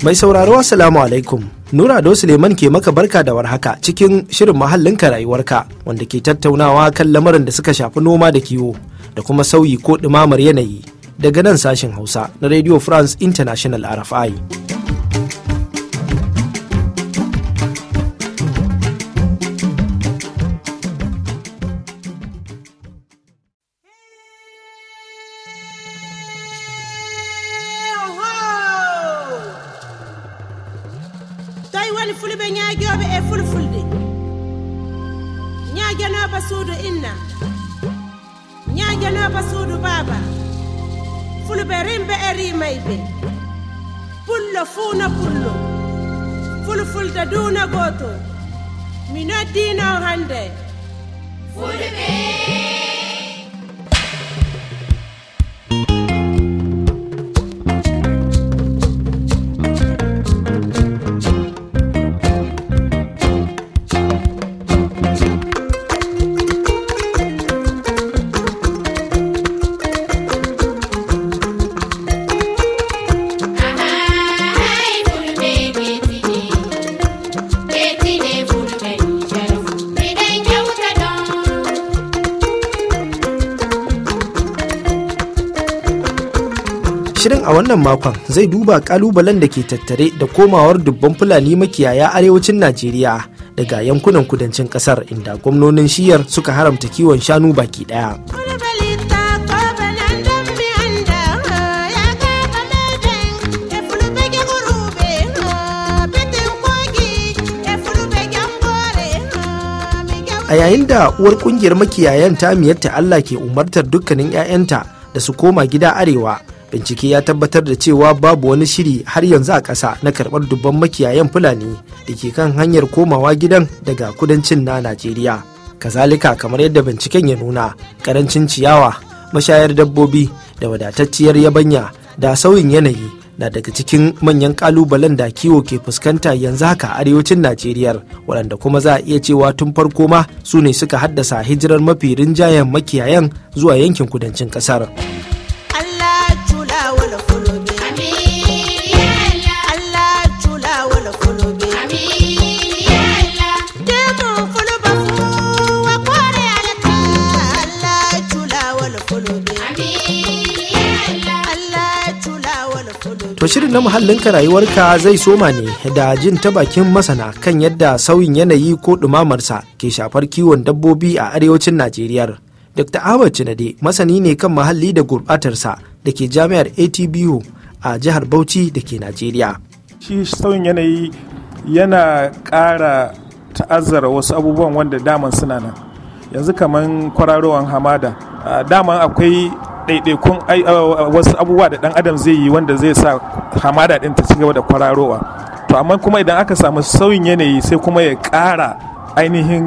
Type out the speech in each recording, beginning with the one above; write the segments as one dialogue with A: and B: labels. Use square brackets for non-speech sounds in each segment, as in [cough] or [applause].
A: Mai sauraro Assalamu alaikum. Nura do Suleiman ke maka barka da warhaka cikin shirin mahallinka rayuwarka wanda ke tattaunawa kan lamarin da suka shafi noma da kiwo da kuma sauyi ko ɗumamar yanayi daga nan sashen Hausa na Radio France International RFI.
B: yani fulɓe ñaagoɓe e eh, fulfulde ñaaganoɓa suudu inna ñaaganoɓa suudu baaba fulɓe rimɓe e eh, rimayɓe pullo fuuna pullo fulfulde duuna gooto mi noddino hannde fulɓe
A: a wannan makon zai duba kalubalen da ke tattare da komawar dubban Fulani makiyaya arewacin Najeriya daga yankunan kudancin kasar inda gwamnonin shiyar suka haramta kiwon shanu baki daya. a yayin da uwar kungiyar makiyayan ta miyatta Allah ke umartar dukkanin 'ya'yanta da su koma gida arewa bincike ya tabbatar da cewa babu wani shiri har yanzu a ƙasa na karɓar dubban makiyayan fulani da ke kan hanyar komawa gidan daga kudancin na najeriya kazalika kamar yadda binciken ya nuna karancin ciyawa mashayar dabbobi da wadatacciyar yabanya da sauyin yanayi na daga cikin manyan kalubalen da kiwo ke fuskanta yanzu haka arewacin najeriya waɗanda kuma za a iya cewa tun farko ma su ne suka haddasa hijirar mafi rinjayen makiyayan zuwa yankin kudancin ƙasar. Shirin na muhallinka rayuwarka zai soma ne da jin ta bakin masana kan yadda sauyin yanayi ko ɗumamarsa ke shafar kiwon dabbobi a arewacin Najeriya. Dr. Ahmad Cinade masani ne kan muhalli da gurbatarsa da ke jami'ar ATBU a jihar Bauchi da ke Najeriya. Shi
C: sauyin yanayi yana ƙara ta'azzara wasu abubuwan wanda daman suna nan. Yanzu kamar kwararowar hamada. Daman akwai ɗaiɗaikun wasu abubuwa da ɗan adam zai yi wanda zai sa hamada ɗin ta cigaba da kwararowa to amma kuma idan aka samu sauyin yanayi sai kuma ya ƙara ainihin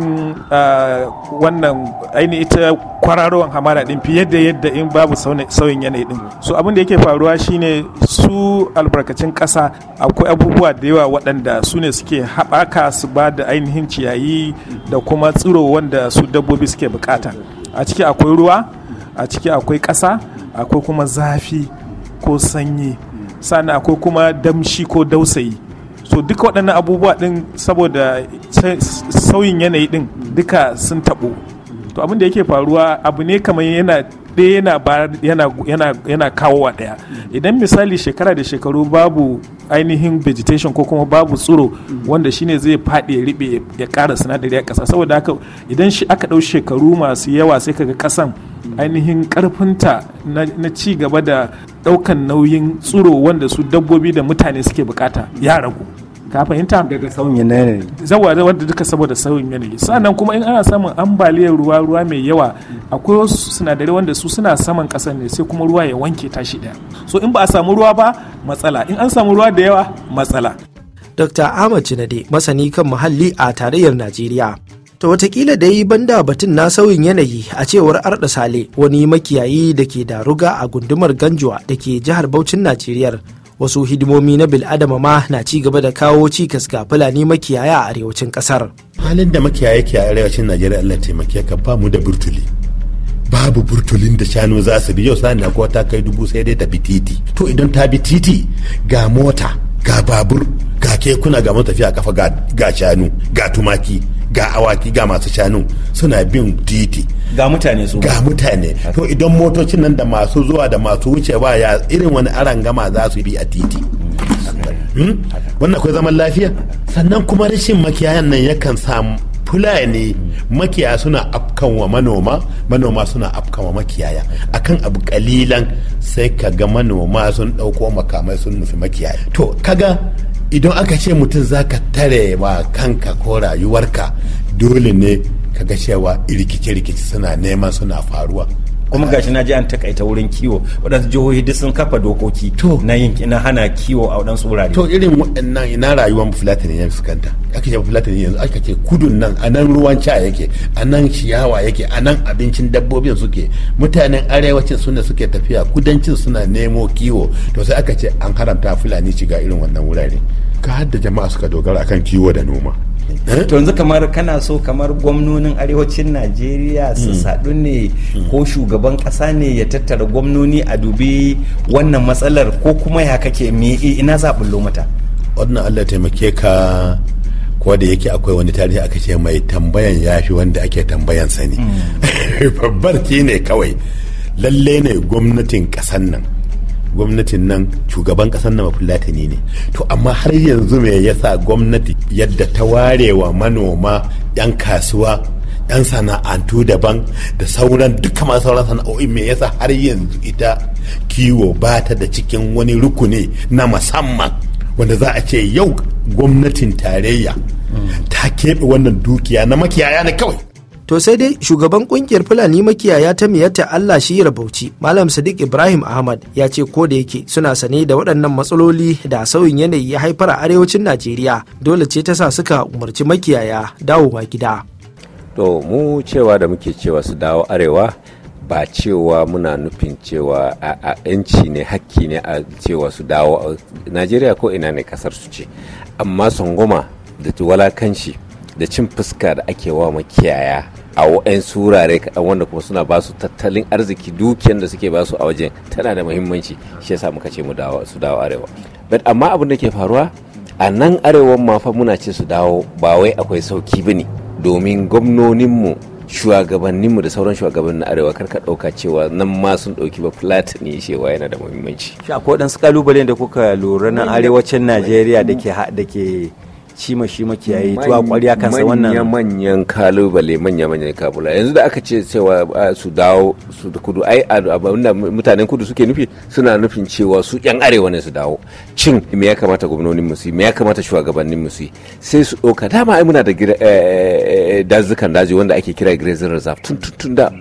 C: wannan ainihin ita kwararowar hamada ɗin fiye da yadda in babu sauyin yanayi ɗin so abin da yake faruwa shine su albarkacin ƙasa akwai abubuwa da yawa waɗanda su ne suke haɓaka su ba da ainihin ciyayi da kuma tsiro wanda su dabbobi suke bukata a ciki akwai ruwa a ciki akwai ƙasa akwai kuma zafi ko sanyi sannan akwai kuma damshi ko dausayi so duka waɗannan abubuwa ɗin saboda sauyin yanayi ɗin duka sun taɓo to abin da yake faruwa abu ne kamar yana ɗaya yana yana yana yana kawowa ɗaya idan misali shekara da shekaru babu ainihin vegetation ko kuma babu tsoro wanda shine zai faɗi ya riɓe ya ƙara sinadari a ƙasa saboda haka idan aka ɗau shekaru masu yawa sai kaga ƙasan ainihin karfinta na ci gaba da daukan nauyin tsuro wanda su dabbobi da mutane suke bukata ya ragu ka fahimta daga sauyin yanayi zawa wanda duka saboda sauyin yanayi sannan kuma in ana samun ambaliyar ruwa ruwa mai yawa akwai wasu sinadarai wanda su suna saman kasar ne sai kuma ruwa ya wanke tashi daya so in ba a samu ruwa ba matsala in an samu ruwa da yawa matsala
A: Dr. Ahmad Jinade masani kan muhalli a tarayyar Najeriya to watakila da yi banda batun na sauyin yanayi a cewar arda sale wani makiyayi da ke daruga a gundumar ganjuwa da ke jihar Bauchin Najeriya wasu hidimomi na bil'adama ma na ci gaba da kawo cikas ga fulani makiyaya a arewacin kasar
D: halin da makiyaya ke a arewacin najeriya allah taimake ka ba mu da burtuli babu burtulin da shanu za su bi yau sani na kowa ta kai dubu sai dai ta bi titi to idan ta bi titi ga mota ga babur ga kekuna ga matafiya kafa ga shanu ga tumaki ga awaki ga masu shanu suna bin titi ga mutane su ga mutane to idan motocin nan da masu zuwa da masu wucewa ya irin wani arangama za su bi a titi hmm? wannan akwai zaman lafiya sannan kuma rashin makiyayan nan yakan samu ne makiya suna afkan wa manoma manoma suna afkan wa makiyaya akan abu kalilan sai kaga manoma sun dauko makamai sun nufi makiyaya to kaga idan aka ce mutum za ka tare wa kanka ko rayuwarka dole ne ka ga cewa rikice-rikice suna neman suna faruwa kuma gashi na ji an takaita wurin kiwo waɗansu jihohi duk sun kafa dokoki na yin na hana kiwo a waɗansu wurare to irin waɗannan ina rayuwar fulatani ya fuskanta ake ce fulatani yanzu aka ce kudun nan a nan ruwan ca yake a nan ciyawa yake a nan abincin dabbobin suke mutanen arewacin suna suke tafiya kudancin suna nemo kiwo to sai aka ce an haramta fulani shiga irin wannan wurare ka hadda jama'a suka dogara akan kiwo da noma Eh? to yanzu kamar kana so kamar gwamnonin
E: arewacin najeriya su hmm. sadu ne hmm. ko shugaban kasa ne ya tattara gwamnoni a dubi wannan matsalar ko kuma ya kake me ina zaɓin lomata
D: wannan allah taimake ka ko da yake akwai wani tarihi aka ce mai tambayan yafi wanda ake tambayan sani
F: hmm.
D: [laughs] babbar ne kawai lalle ne gwamnatin kasan nan gwamnatin nan shugaban ƙasar nan mafulatani ne to amma har yanzu me yasa gwamnati yadda ta warewa manoma 'yan kasuwa 'yan sana'antu daban da sauran duka masu sauran sana'o'i me yasa har yanzu ita kiwo ba ta da cikin wani rukuni na musamman wanda za a ce yau
A: gwamnatin tarayya ta keɓe wannan dukiya na makiyaya ne kawai to sai dai shugaban kungiyar fulani makiyaya ta miyata allah shira bauchi malam sadiq ibrahim ahmad ya ce ko da yake suna sane da waɗannan matsaloli da sauyin yanayi ya haifar a arewacin najeriya dole ce ta sa suka umarci makiyaya dawo ba gida
G: to mu cewa da muke cewa su dawo arewa ba cewa muna nufin cewa a yanci ne hakki ne a cewa su dawo najeriya ko ina ne kasar su ce amma songoma da walakanci da cin fuska da ake wa makiyaya a wa'in surare kaɗan wanda kuma suna basu tattalin arziki dukiyar da suke basu a wajen tana da muhimmanci shi yasa muka ce mu dawo su dawo arewa but amma abin da ke faruwa a nan arewa ma fa muna ce su dawo ba wai akwai sauki bane domin gwamnoninmu shugabanninmu da sauran shugabannin arewa karka ɗauka cewa nan ma sun ɗauki ba ne cewa yana da muhimmanci.
E: Shi akwai waɗansu ƙalubalen da kuka lura na arewacin Najeriya da ke ci ma shi makiyayi tuwa ya kansa wannan manya
G: manyan kalubale manya manyan kabula yanzu da aka ce cewa ah, su dawo su da kudu ai abinda mutanen kudu suke nufi suna nufin cewa su yan arewa ne su dawo cin me ya kamata gwamnonin musu me ya kamata shugabannin musu sai su ɗauka dama ai muna da dazukan eh, eh, eh, daji wanda ake kira grazing reserve tun tun da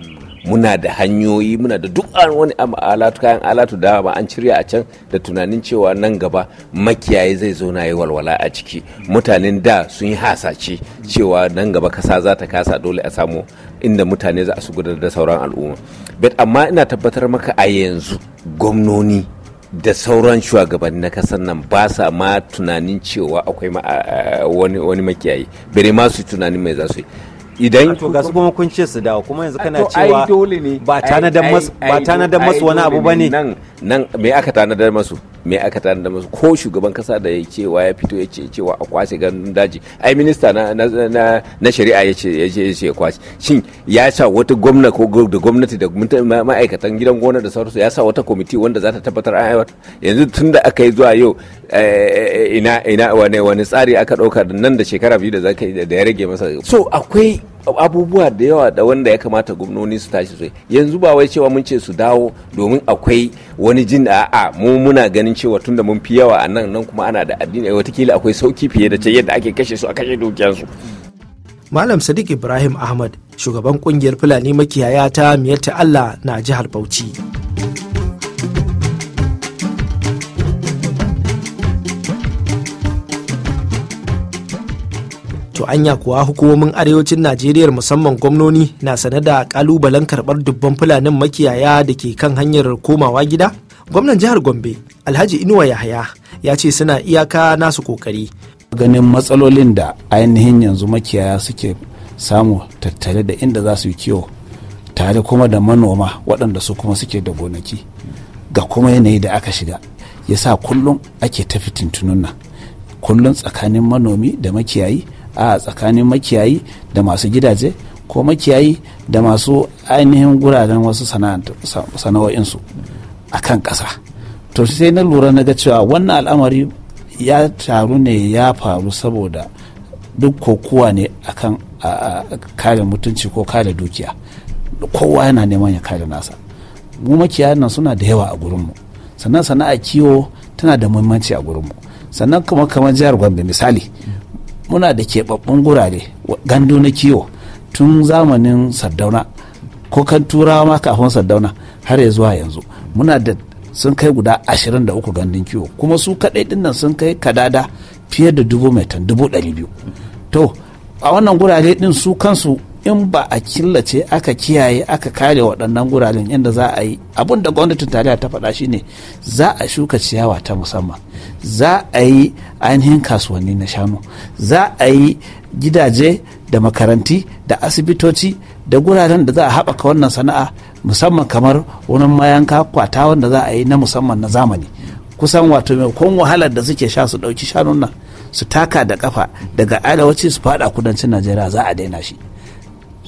G: muna da hanyoyi muna da duk wani alatu kayan alatu da ba an cirya a can da tunanin cewa nan gaba makiyayi zai zo na yi walwala a ciki mutanen da sun yi hasace cewa nan gaba kasa za ta kasa dole a samu inda mutane za su gudanar da sauran al'umma bet amma ina tabbatar maka a yanzu gwamnoni da sauran shugabanni na kasar nan ba sa ma tunanin cewa akwai wani makiyayi bere ma su tunanin mai za su yi idan to ga kuma kun ce su dawo kuma yanzu kana cewa
E: ba tanadar masu ba masu wani abu bane nan
G: nan me aka tanadar masu me aka tanadar masu ko shugaban kasa da ya cewa ya fito ya ce cewa a kwashe ganin daji ai minista na shari'a ya ce ya ce kwashe shin ya sa wata gwamna ko da gwamnati da ma'aikatan gidan gona da sauransu ya sa wata kwamiti wanda za ta tabbatar an yanzu tun da aka yi zuwa yau eh, ina ina wani tsari aka ɗauka nan da shekara biyu da zaka da ya rage masa so akwai abubuwa da yawa da wanda ya kamata gwamnoni su tashi sai yanzu ba wai cewa mun ce su dawo domin akwai wani jin da a mu muna ganin cewa tunda mun fi yawa a nan nan kuma ana da addini watakila akwai sauki fiye da can yadda ake kashe su a kashe dukiyarsu
A: Malam Sadiq Ibrahim Ahmad, shugaban kungiyar Fulani makiyaya ta Miyatta Allah na jihar Bauchi. to anya kuwa hukumomin arewacin najeriya musamman gwamnoni na sane da kalubalen karbar dubban fulanin makiyaya da ke kan hanyar komawa gida gwamnan jihar gombe alhaji inuwa yahaya ya ce suna iyaka nasu kokari
B: ganin matsalolin da ainihin yanzu makiyaya suke samu tattare da inda za su yi kiwo tare kuma da manoma waɗanda su kuma suke da gonaki ga kuma yanayi da aka shiga ya sa kullum ake tafi fitintunun kullum tsakanin manomi da makiyayi a tsakanin makiyayi da masu gidaje ko makiyayi da masu ainihin guraren wasu sana'o'insu a kan ƙasa to sai na lura na ga cewa wannan al'amari ya taru ne ya faru saboda duk kokuwa ne a akan kare mutunci ko kare dukiya kowa yana neman ya kare nasa mu makiyayan nan suna da yawa a gurinmu sannan sana'a kiwo tana da muhimmanci a gurinmu sannan kuma kamar jihar gombe misali muna da keɓaɓɓun gurare gandu na kiwo tun zamanin sardauna ko kan turawa ma kafin sardauna har ya zuwa yanzu muna da sun kai guda 23 gandun kiwo kuma su kaɗai dinnan sun kai kadada fiye da dubu mai tan dubu ɗari biyu to a wannan gurare din su kansu in ba a killace aka kiyaye aka kare waɗannan guraren inda za a yi abin da gwamnatin tarayya ta faɗa shi ne za a shuka ciyawa ta musamman za a yi ainihin kasuwanni na shanu za a yi gidaje da makaranti da asibitoci da guraren da za a haɓaka wannan sana'a musamman kamar wani mayanka kwata wanda za a yi na musamman na zamani kusan wato kun wahalar da suke sha su ɗauki shanun nan su taka da kafa daga arewaci su faɗa kudancin najeriya za a daina shi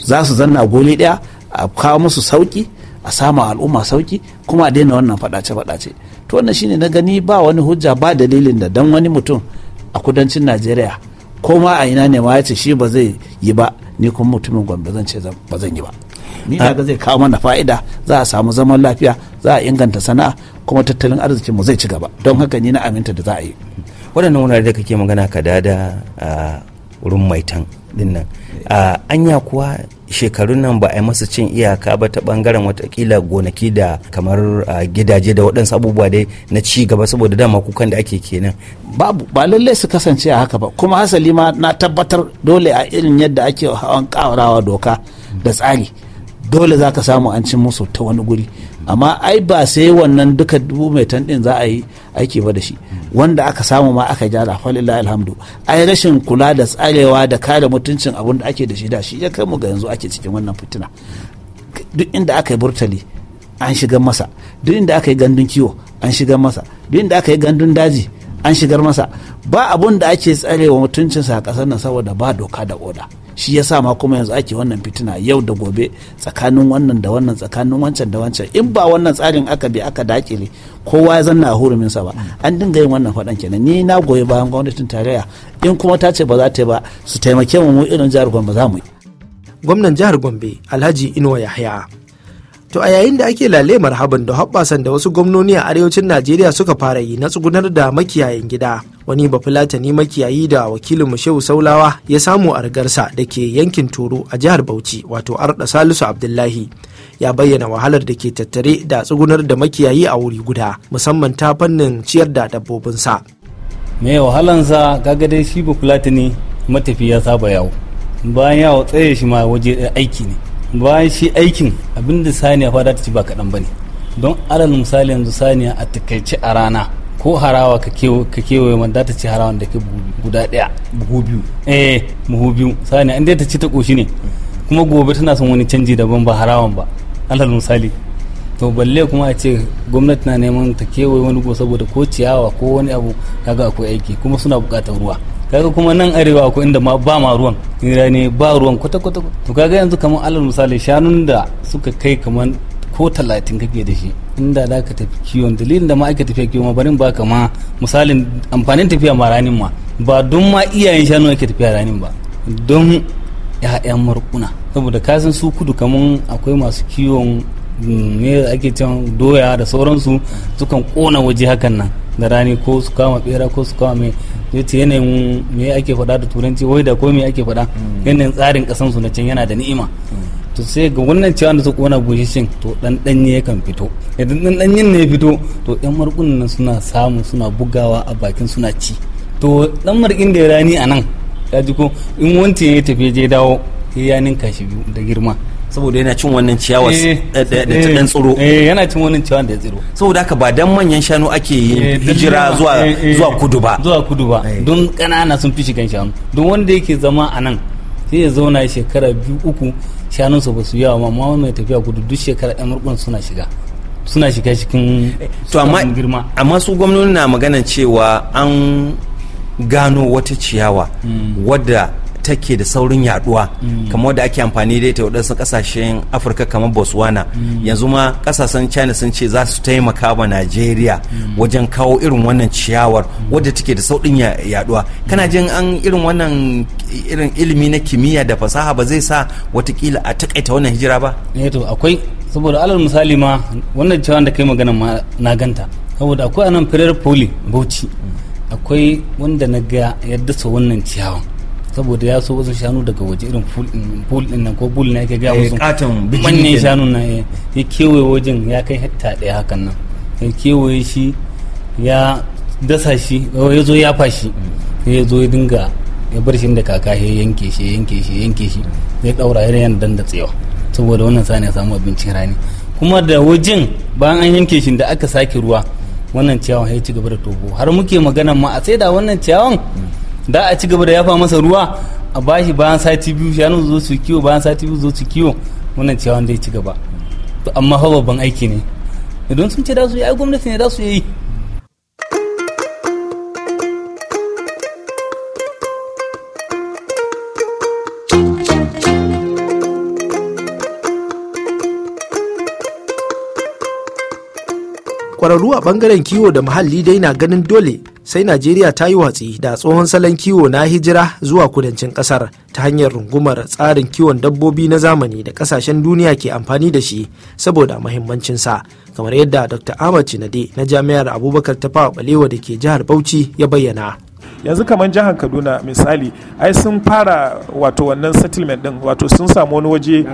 B: za su zanna goli daya a kawo musu sauki a samu al'umma sauki kuma a daina wannan faɗace-faɗace to wannan shine na gani ba wani hujja ba dalilin da dan wani mutum a kudancin najeriya ko ma a ina ne ma ya ce shi ba zai yi ba ni kuma mutumin gombe zan ce ba zan yi ba ni ga zai kawo mana fa'ida za a samu zaman lafiya za a inganta sana'a kuma tattalin arzikinmu zai ci gaba don haka ni na aminta da za a yi
E: waɗannan wani da kake magana ka da da wurin maitan dinnan nan anya kuwa shekarun nan ba a yi masa cin iyaka ba ta bangaren watakila gonaki da kamar gidaje da waɗansu abubuwa dai na ci gaba saboda dama kukan da ake kenan babu ba lalle su kasance
B: a haka ba kuma hasali ma na tabbatar dole a irin yadda ake hawan kawarawa doka da tsari dole za ka samu an cin musu ta wani guri amma ai ba sai wannan duka dubu mai tanɗin za a yi aiki ba da shi wanda aka samu ma aka gyara falillah alhamdu ai rashin kula da tsarewa da kare mutuncin abun da ake da shi da shi ya kai mu ga yanzu ake cikin wannan fitina duk inda aka yi burtali an shigar masa duk inda aka yi gandun kiwo an shigar masa duk inda aka yi gandun daji an shigar masa ba abun da ake tsarewa mutuncinsa a ƙasar nan saboda ba doka da oda shi ya sa ma kuma yanzu ake wannan fitina yau da gobe tsakanin wannan da wannan tsakanin wancan da wancan in ba wannan tsarin aka bi aka dakile kowa ya zanna a sa ba an dinga yin wannan faɗan kenan ni na goyi bayan gwamnatin tarayya
A: in kuma ta ce ba za ta yi ba su taimake mu mu irin jihar gombe za mu yi gwamnan jihar gombe alhaji inuwa yahya to a yayin da ake lale marhaban da hoɓɓasan da wasu gwamnoni a arewacin najeriya suka fara yi na tsugunar da makiyayin gida wani bafulatani makiyayi da wakilin mu shehu saulawa ya samu a rigarsa da ke yankin toro a jihar bauchi wato arda salisu abdullahi ya bayyana wahalar da ke tattare da tsugunar da makiyayi a wuri guda musamman ta fannin ciyar da dabbobinsa me wahalansa kaga
F: dai shi bafulatani matafiya saba yawo bayan yawo tsaye shi ma waje aiki ne bayan shi aikin abinda saniya fa za ta ci ba kaɗan ba ne don alal misali yanzu saniya a takaice a rana ko harawa ka kewaye man ta ci harawan da ke guda daya buhu biyu eh buhu biyu sani an dai ta ci ta koshi ne kuma gobe tana son wani canji daban ba harawan ba alal misali to balle kuma a ce gwamnati na neman ta kewaye wani go saboda ko ciyawa ko wani abu kaga akwai aiki kuma suna bukatar ruwa kaga kuma nan arewa ko inda ma ba ma ruwan ne ba ruwan kwata kwata to kaga yanzu kamar alal misali shanun da suka kai kamar ko talatin kake da shi inda za ka tafi kiwon dalilin da ma aka tafiya kiwon barin baka ma misalin amfanin tafiya ma ranin ma ba don ma iyayen shanu ake tafiya ranin ba don ya'yan markuna saboda kasan su kudu kaman akwai masu kiwon ne mm, ake can doya da sauransu sukan kona waje hakan nan da rani ko su kama bera ko su kama mai yanayin me ake faɗa da turanci wai da ko me ake faɗa mm. yanayin tsarin kasansu na can yana da ni'ima mm. to sai ga wannan cewa da ta kona bushishin to dan danye kan fito idan dan danyen ne ya fito to yan markunan nan suna samu suna bugawa a bakin suna ci to dan markin da ya rani a nan ya ji ko in wancan ya tafi je dawo ya ya ninka shi biyu da girma
E: saboda yana cin wannan ciyawa eh, eh, da ta dan eh, tsiro yana cin wannan ciyawa da tsiro saboda haka ba dan manyan shanu ake yin hijira zuwa zuwa kudu ba zuwa kudu ba don
F: kanana sun fi shigan shanu don wanda yake zama a nan sai ya zauna shekara biyu uku shanunsa ba su yawa amma mai tafiya kudu duk shekara yan murkun suna shiga suna shiga cikin
E: to amma girma amma su gwamnoni na maganan cewa an gano wata ciyawa hmm. wadda take da saurin yaduwa mm. kamar da ake amfani da ita waɗansu kasashen afirka kamar botswana mm. yanzu ma kasashen china sun ce za su taimaka wa nigeria mm. wajen kawo irin wannan ciyawar wadda take da saurin yaduwa kana jin an irin wannan irin ilimi na kimiyya da fasaha ba zai sa watakila a
F: takaita wannan hijira ba eh to akwai saboda alal misali ma wannan cewa da kai magana ma na ganta saboda akwai anan firar poli bauchi akwai wanda na ga yadda su wannan ciyawar saboda ya so wasu shanu daga waje irin pool din nan ko pool na yake ga wasu eh, katon ne shanu na ya kewaye wajen ya kai hekta daya hakan nan ya kewaye shi ya dasa shi ya zo ya fashi ya zo ya dinga ya bar shi da kaka ya yanke shi ya yanke shi ya yanke shi ya daura ya yana danda tsiyo saboda wannan sani ya samu abincin rani kuma da wajen bayan an yanke shi da aka sake ruwa wannan ciyawan ya ci gaba da tobo har muke magana ma a sai da wannan ciyawan da a ci gaba da yafa masa ruwa a bashi bayan sati biyu shanu zo su kiwo bayan sati biyu zo su kiwo wannan ciyawan wanda ya ci gaba to amma fa babban aiki ne idan sun ce da su yi ai gwamnati ne da su yi
A: kwararru a bangaren kiwo da muhalli dai na ganin dole sai najeriya ta yi watsi da tsohon salon kiwo na hijira zuwa kudancin kasar ta hanyar rungumar tsarin kiwon dabbobi na zamani da kasashen duniya ke amfani da shi saboda mahimmancinsa kamar yadda dr ahmad Chinade na jami'ar abubakar tafawa balewa da ke jihar bauchi ya bayyana yanzu kamar jihar
C: kaduna misali ai sun fara wato wannan settlement din wato sun samu wani waje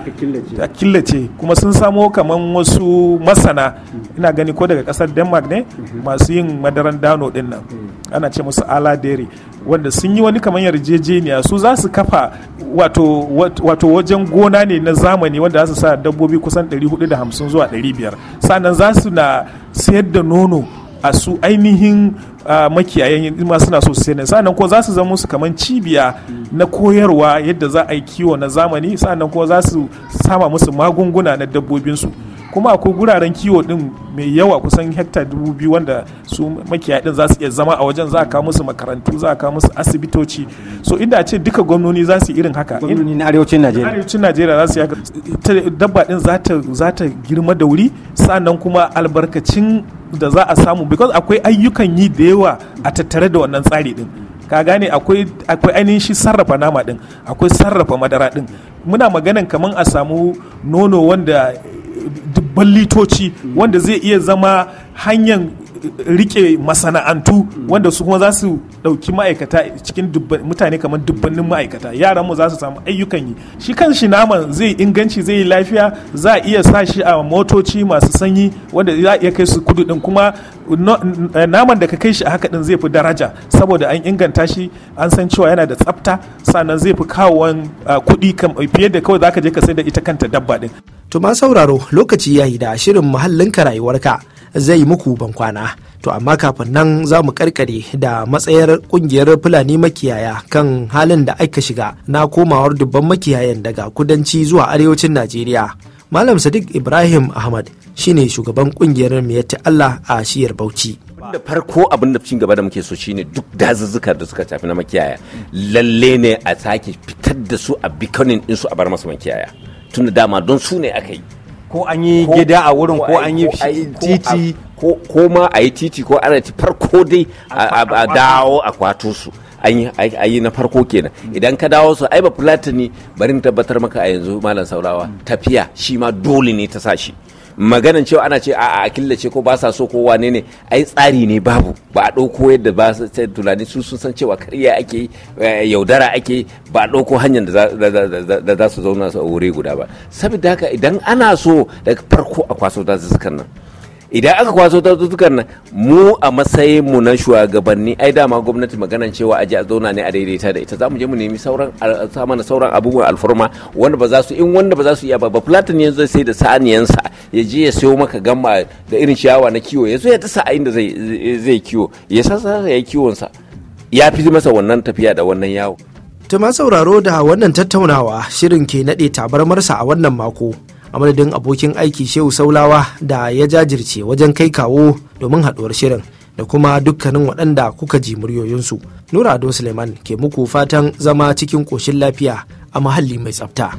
C: da killace kuma sun samo kamar wasu masana hmm. ina gani ko daga kasar denmark ne hmm. masu yin madaran dano din nan hmm. ana ce musu ala dairy wanda sun yi wani kamar yarjejeniya su za su kafa wato, wato wajen gona ne na zamani wanda za su sa dabbobi kusan 450 zuwa 500 sannan za su na sayar da nono a su ainihin makiyayan ma suna so su sai sannan ko za su zama su kamar cibiya na koyarwa yadda za a yi kiwo na zamani sannan ko za su sama musu magunguna na dabbobinsu kuma akwai guraren kiwo din mai yawa kusan hekta dubu biyu wanda su makiyaya din za su iya zama a wajen za a kawo musu makarantu za a kawo musu asibitoci so inda a ce duka gwamnoni za su irin haka gwamnoni na arewacin najeriya arewacin najeriya za su yi dabba din za ta girma da wuri sannan kuma albarkacin da za a samu because akwai ayyukan yi da yawa a tattare da wannan tsari din ka gane akwai ainihin shi sarrafa nama din akwai sarrafa madara din muna maganan kaman a samu nono wanda babban litoci wanda zai iya zama hanyar rike masana'antu wanda su kuma za su dauki ma'aikata cikin mutane kamar dubbannin ma'aikata yaran mu za su samu ayyukan yi shi kan shi naman zai inganci zai yi lafiya za a iya sa shi a motoci masu sanyi wanda za iya kai su kudu din kuma eh, naman da ka kai shi a haka din zai fi daraja saboda an inganta shi an san cewa yana da tsafta sannan zai fi kawon ah, kuɗi fiye da kawai za ka je ka sai da ita
A: kanta dabba din Tuma sauraro lokaci ya yi da shirin muhallinka rayuwarka zai muku ban kwana. To amma kafin nan za mu karkare da matsayar kungiyar Fulani makiyaya kan halin da aka shiga na komawar dubban makiyayan daga kudanci zuwa arewacin Najeriya. Malam Sadiq Ibrahim Ahmad shine shugaban kungiyar Miyatta Allah a shiyar Bauchi.
G: da farko abin da cin gaba da muke so shine duk dazuzzukar da suka tafi na makiyaya lalle ne a sake fitar da su a bikonin din su a bar masu makiyaya. tun da dama don su ne aka yi
E: ko an yi gida a wurin ko an yi
G: titi ko ma a yi titi ko ana ci farko dai a dawo a kwato su an yi na farko kenan mm. idan ka dawo su ai ba fulatani bari tabbatar maka a yanzu malam saurawa tafiya shi ma dole ne ta sa shi maganan cewa ana ce a a killace ko ba sa so ko wane ne ai tsari ne babu ba a ɗauko yadda ba su tunani su sun san cewa karya ake eh, yaudara ake ba a ɗauko hanyar da za su zauna su a wuri guda ba saboda haka idan ana so daga farko a kwaso da zuskan nan idan aka kwaso tattutukan nan mu a matsayin mu na shugabanni ai dama gwamnati magana cewa aje a zauna ne a daidaita da ita za mu je mu nemi sauran sauran abubuwan alfarma wanda ba za su in wanda ba za su iya ba ba platin ne zai sai da saniyansa ya je ya sayo maka gamba da irin ciyawa na kiwo ya zo ya tasa a inda zai kiwo ya sasa ya yi kiwonsa ya fi masa wannan tafiya da wannan yawo.
A: Tuma sauraro da wannan tattaunawa shirin ke naɗe tabarmarsa a wannan mako a madadin abokin aiki shehu saulawa da ya jajirce wajen kai kawo domin haɗuwar shirin da kuma dukkanin waɗanda kuka ji muryoyinsu nura ado suleiman ke muku fatan zama cikin koshin lafiya a muhalli mai tsafta.